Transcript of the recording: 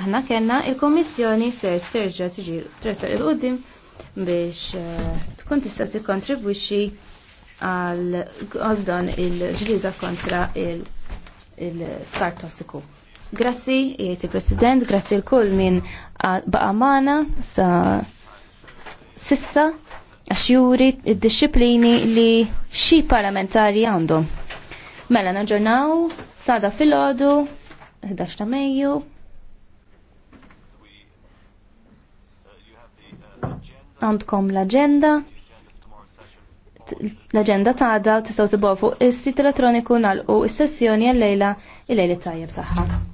aħna kellna il-Komissjoni se terġa' tiġi tersaq il qoddim biex eh, tkun tista' tikkontribwixxi għal dan il-ġlieda kontra il-skar tossiku. Grazzi, jieti President, grazzi l-kull minn baqamana sa sissa għaxjuri id-disciplini li xi parlamentari għandhom. Mela naġġornaw, sada fil-ħodu, 11 ta' Mejju, għandkom l-agenda l-agenda ta' għada tistaw fuq is-sit elettroniku nalqu is-sessjoni għal-lejla il-lejli tajjeb saħħa.